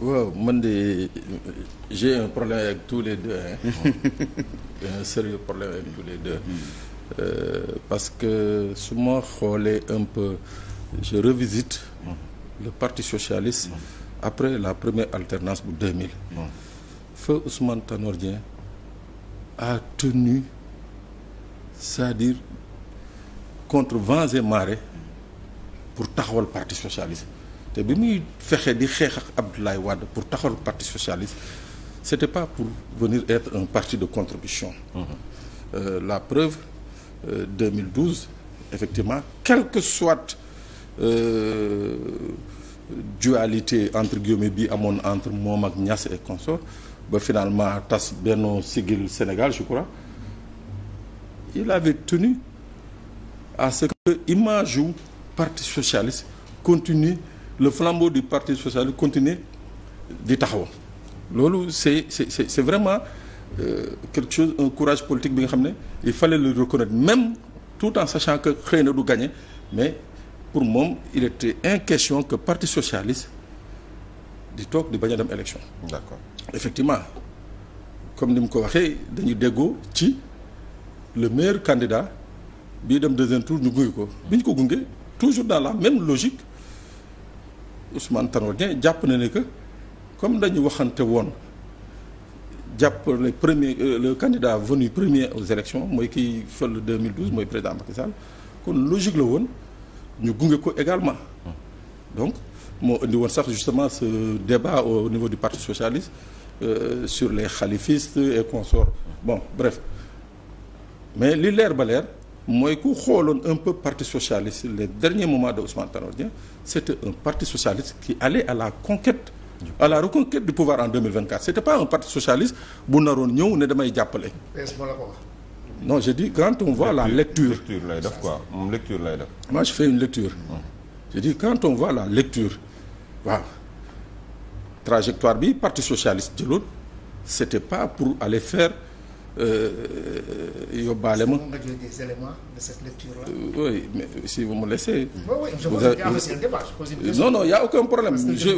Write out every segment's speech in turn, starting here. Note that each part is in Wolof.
waaw man de j'ai un problème avec tous les deux hein. un sérieux problème avec mhm. euh, parce que su ma xoolee un peu je revisite mhm. le parti socialiste mhm. après la première alternance bu 2000 feu Ousmane Tanor Dieng a tenu c'est-à-dire contre vents et marées pour taxawal parti socialiste te bi muy fexee di xeex ak Abdoulaye Wade pour taxal parti socialiste c'était pas pour venir être un parti de contribution mmh. euh, la preuve euh, 2012 effectivement quel que soit euh, dualité entre guillemets bi amoon entre moom ak Niass et consort ba finalement tas Benno Siggil Sénégal je crois il avait tenu à ce que image yu parti socialiste continue le flambeau du parti socialiste continue di taxaw loolu c'est c'est vraiment euh, quelque chose un courage politique bi nga xam ne il fallait le reconnaître même tout en sachant que xëy na du gagner mais pour moom il était question que parti socialiste di toog di bañ dem élection. d'accord effectivement comme ni mu ko waxee dañu déggoo ci le meilleur candidat bii dem deuxième tour ñu gunge ko. bi ñu ko gunge toujours dans la même logique. Ousmane Tanor Dieng jàpp na ne que comme dañu waxante woon jàpp le premier euh, le candidat venu premier aux élections mooy kii fël 2012 mooy président Macky Sall kon logique la woon ñu gunge ko également donc moo indi woon sax justement ce débat au niveau du partie socialiste euh, sur les khalifistes et consorts bon bref mais li leer ba leer mooy ku xooloon un peu parti socialiste les derniers moments de Ousmane Tanor Dieng c'était un parti socialiste qui allait à la conquête à la reconquête du pouvoir en 2024 c'était pas un parti socialiste bu naroon ñëw ne damay jàppale non je dis quand on voit la lecture lecture lay def quoi moom lecture lay def moi je fais une lecture je dis quand on voit la lecture waaw trajectoire bi parti socialiste jëloon c'était pas pour aller faire Euh, yóbbaale ma. des éléments de cette lecture-là. Euh, oui mais si vous me laissez. oui oui je vous euh, a aucun problème. Parce que je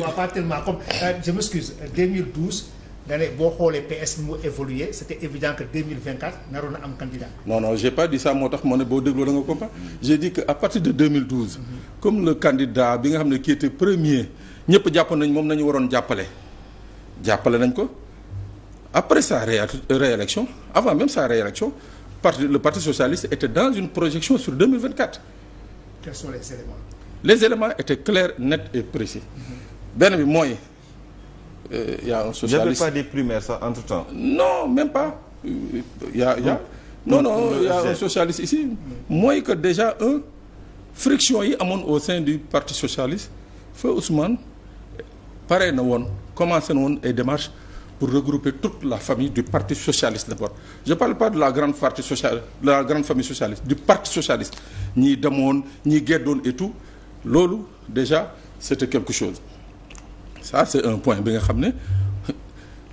ne boo xoolee PS mu évolué c' était évident que 2024 naroon na am candidat. non non j'ai pas dit ça moo tax ma ne boo dégloo da nga j'ai dit que à partir de 2012. Mm -hmm. comme le candidat bi nga xam ne qui était premier ñëpp jàpp nañ moom nañu waroon jàppale jàppale nañ ko. après sa réélection avant même sa réélection le parti socialiste était dans une projection sur 2024. quels sont les éléments. les éléments étaient clairs nets et précis. Mm-hmm. benn bi mooy. Euh, y a un socialiste j'avais pas des primaires ça non même pas a y a. non non y a un socialiste ici. Mm-hmm. mooy que déjà un friction yi amoon au sein du parti socialiste feu Ousmane pare na woon commencé na woon ay démarche pour regrouper toute la famille du parti socialiste d'abord je parle pas de la grande partie sociale de la grande famille socialiste du parti socialiste ñi demoon ñi geddoon et tout loolu déjà c'était quelque chose ça c'est un point bi nga xam ne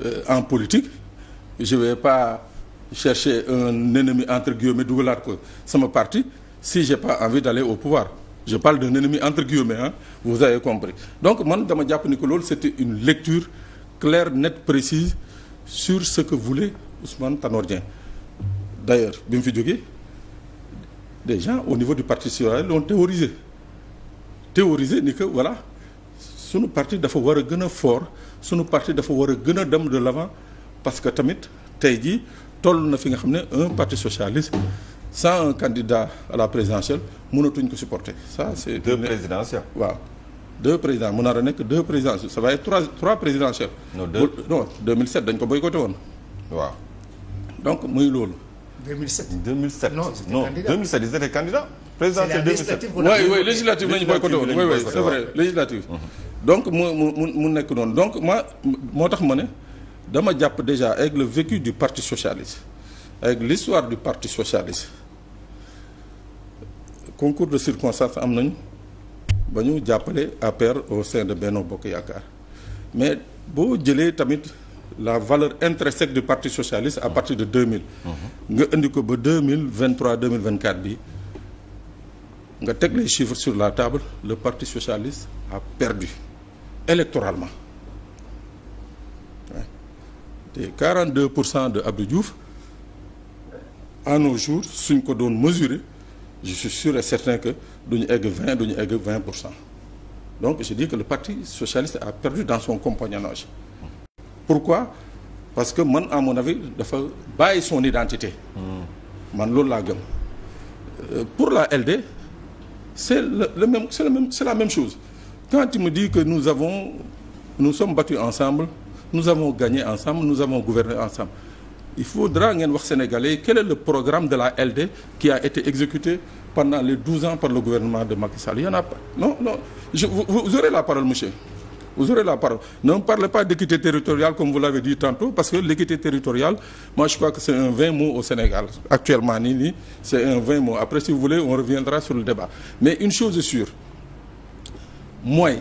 euh, en politique je vais pas chercher un ennemi entre guillemets dugalaat ko sama parti si j'ai pas envie d'aller au pouvoir je parle d'un ennemi entre guillemets hein vous avez compris donc man dama jàpp ni que loolu c'était une lecture claire, nette, précise sur ce que voulait Ousmane Tanor Dieng d'ailleurs bi mu fi jógee des gens au niveau du parti citoyen l'ont théorisé théorisé ni que walla sunu parti dafa war a gën a fort sunu parti dafa war a gën a dem de l'avant parce que tamit tey jii toll na fi nga xam ne un parti socialiste sans un candidat à la présidentielle mënatuñ ko supporter ça c'est deux présidentielles waaw deux présidents mu nar a nekk deux présidents ça va être trois trois présidents chefs. non deux dañ ko boy boycotté woon. waaw donc muy loolu. 2007 2007 non non 2007 ils étaient candidats. présidentielle 2007 oui oui législative lañu boycotté woon oui oui c'est vrai législative. Mhm. donc mu mu mu nekk noonu donc ma moo tax ma ne dama jàpp déjà avec le vécu du parti socialiste avec l'histoire du parti socialiste concours de circonstances am nañu. ba ñu jàppale APR au sein de benn Bokk Yaakaar mais boo jëlee tamit la valeur intrinsèque du parti socialiste à parti de 2000. Mhm. nga indi ko ba 2023 2024 bi nga teg les chiffres sur la table le parti socialiste a perdu électoralement te 42 pour cent de Abdou Diouf à nos jours suñ ko doon mesurer. je suis sûr et certain que duñu egg 20 duñu egg 20 pour cent donc je dis que le parti socialiste a perdu dans son compagnonnage pourquoi parce que man à mon avis dafa bàyyi son identité man loolu laa gëm euh, pour la LD c'est le, le même c'est même c'est la même chose quand tu me dis que nous avons nous sommes battus ensemble nous avons gagné ensemble nous avons gouverné ensemble il faudra ngeen wax sénégalais quel est le programme de la LD qui a été exécuté pendant les douze ans par le gouvernement de Macky Sall il y en a pas non non je vous, vous aurez la parole monsieur vous aurez la parole ne me parlez pas d'équité territoriale comme vous l'avez dit tantôt parce que l'équité territoriale moi je crois que c'est un vain mot au Sénégal actuellement nii c'est un vain mot après si vous voulez on reviendra sur le débat mais une chose est sûre mooy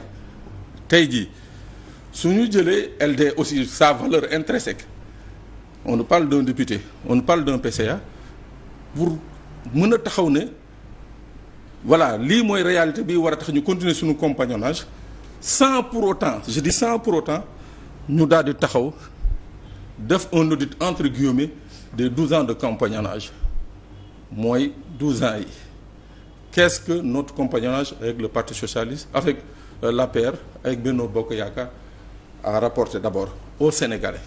jëlee LD aussi sa valeur intrinsèque on nous parle d'un député on nous parle d'un PCA pour mën a taxaw ne voilà lii mooy réalité bi war a tax ñu continuer suñu compagnonnage cent pour autant je cent pour autant ñu daal di taxaw def un audit entre guillemets des douze ans de compagnonnage mooy douze ans yi qu'est-ce que notre compagnonnage avec le parti socialiste avec euh, l'APR ay Benno Bokk Yaakaar a rapporté d'abord aux Sénégalais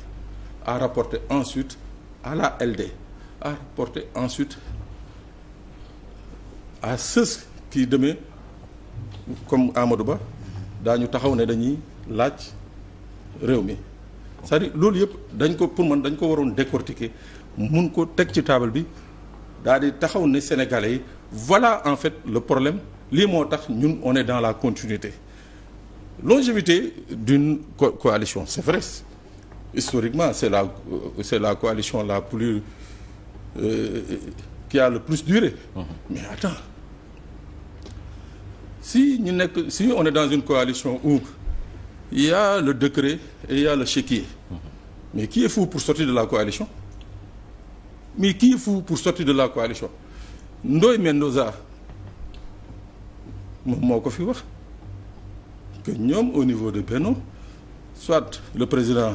à rapporter ensuite à la LD, à rapporter ensuite à ceux qui demain comme Amadou Ba daañu taxaw ne dañuy laaj réew mi cest à loolu yëpp dañ ko pour man dañ ko waroon décortiquer mun ko teg ci table bi daal di taxaw ne Sénégalais yi voilà en fait le problème lii moo tax ñun on dans la continuité longévité d'une co coalition c'est vrai historiquement c'est la euh, la coalition la plus euh, qui a le plus duré. Uh -huh. mais attends si ñu nekk si on est dans une coalition où il y a le décret et il y a le chéquier. mais qui est fou pour sortir de la coalition mais qui est fou pour sortir de la coalition Ndoye Mendoza moom moo ko fi wax que ñoom au niveau de Benno soit le président.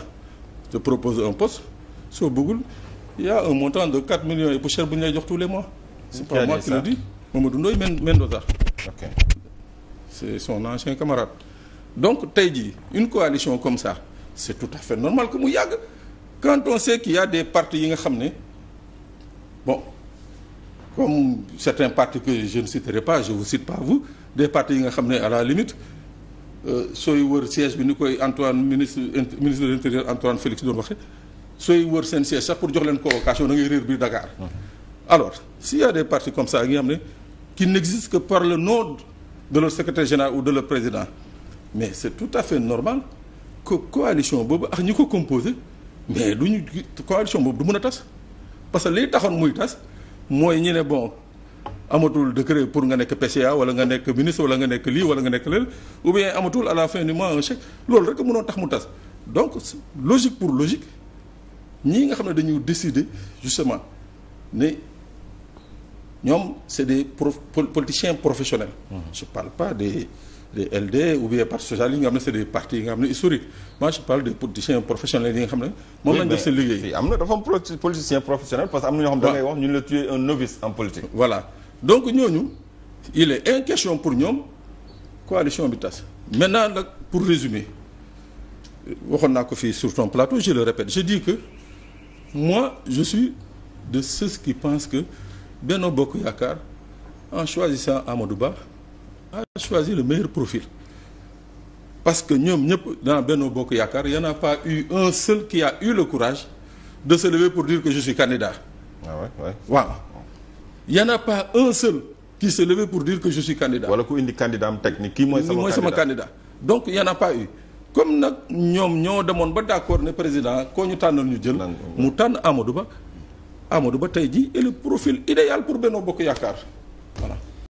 te proposer un poste soo bëggul il y a un montant de 4 millions et pour cher jox tous les mois. c'est pas moi qui le dis Mamadou Ndoye Mendoza. c'est son ancien camarade. donc tey jii une coalition comme ça c'est tout à fait normal que mu yàgg quand on sait qu'il y des partis yi nga xam ne bon comme certains partis que je ne citerai pas je vous cite pas vous des partis yi nga xam ne à la limite. Euh, sooy wër siège bi ni koy Antoine ministre ministre de l'intérieur Antoine Félix doon waxee sooy wër seen siège sax pour jox leen convocation da ngay réer biir Dakar. Mm-hmm. alors s'il y a des partis comme ça yi xam ne qui n'existent que par le nom de leur secrétaire général ou de leur président mais c'est tout à fait normal que coalition boobu ak ñi ko composé mais du ñu coalition boobu du mën a tas parce que liy taxoon muy tas mooy ñu ne bon. amatul décret pour nga nekk PCA wala nga nekk ministre wala nga nekk lii wala nga nekk lël ou bien amatul à la fin du mois un chèque loolu rek mënoo tax mu tas donc logique pour logique ñii nga xam ne dañu décider justement ne ñoom c'est des pro politiciens professionnels. Mmh. je parle pas des LD ou bien parti social yi nga xam ne c'est des partis yi nga xam ne historique moi je parle des politiciens professionnels yi nga xam ne. moom lañ def seen liggéey. voilà. donc ñooñu il est inquestion pour ñoom coalition bi tas maintenant nag pour résumer waxoon naa ko fii sur ton plateau je le répète je dis que moi je suis de ceux qui pensent que Benno Bokk Yaakaar en choisissant Amadou Ba a choisi le meilleur profil parce que ñoom ñëpp dans Benno Bokk Yaakaar y na a pas eu un seul qui a eu le courage de se lever pour dire que je suis candidat ah waaw il y en a un seul qui s'est levé pour dire que je suis candidat. wala ku indi candidat am technique kii mooy. sama candidat candidat donc il y eu. comme nag ñoom ñoo demoon ba d'accord ne président koo ñu tànnal ñu jël. mu tànn amadu Ba Amadou Ba tey jii est le profil idéal pour Benno Bokk Yaakaar.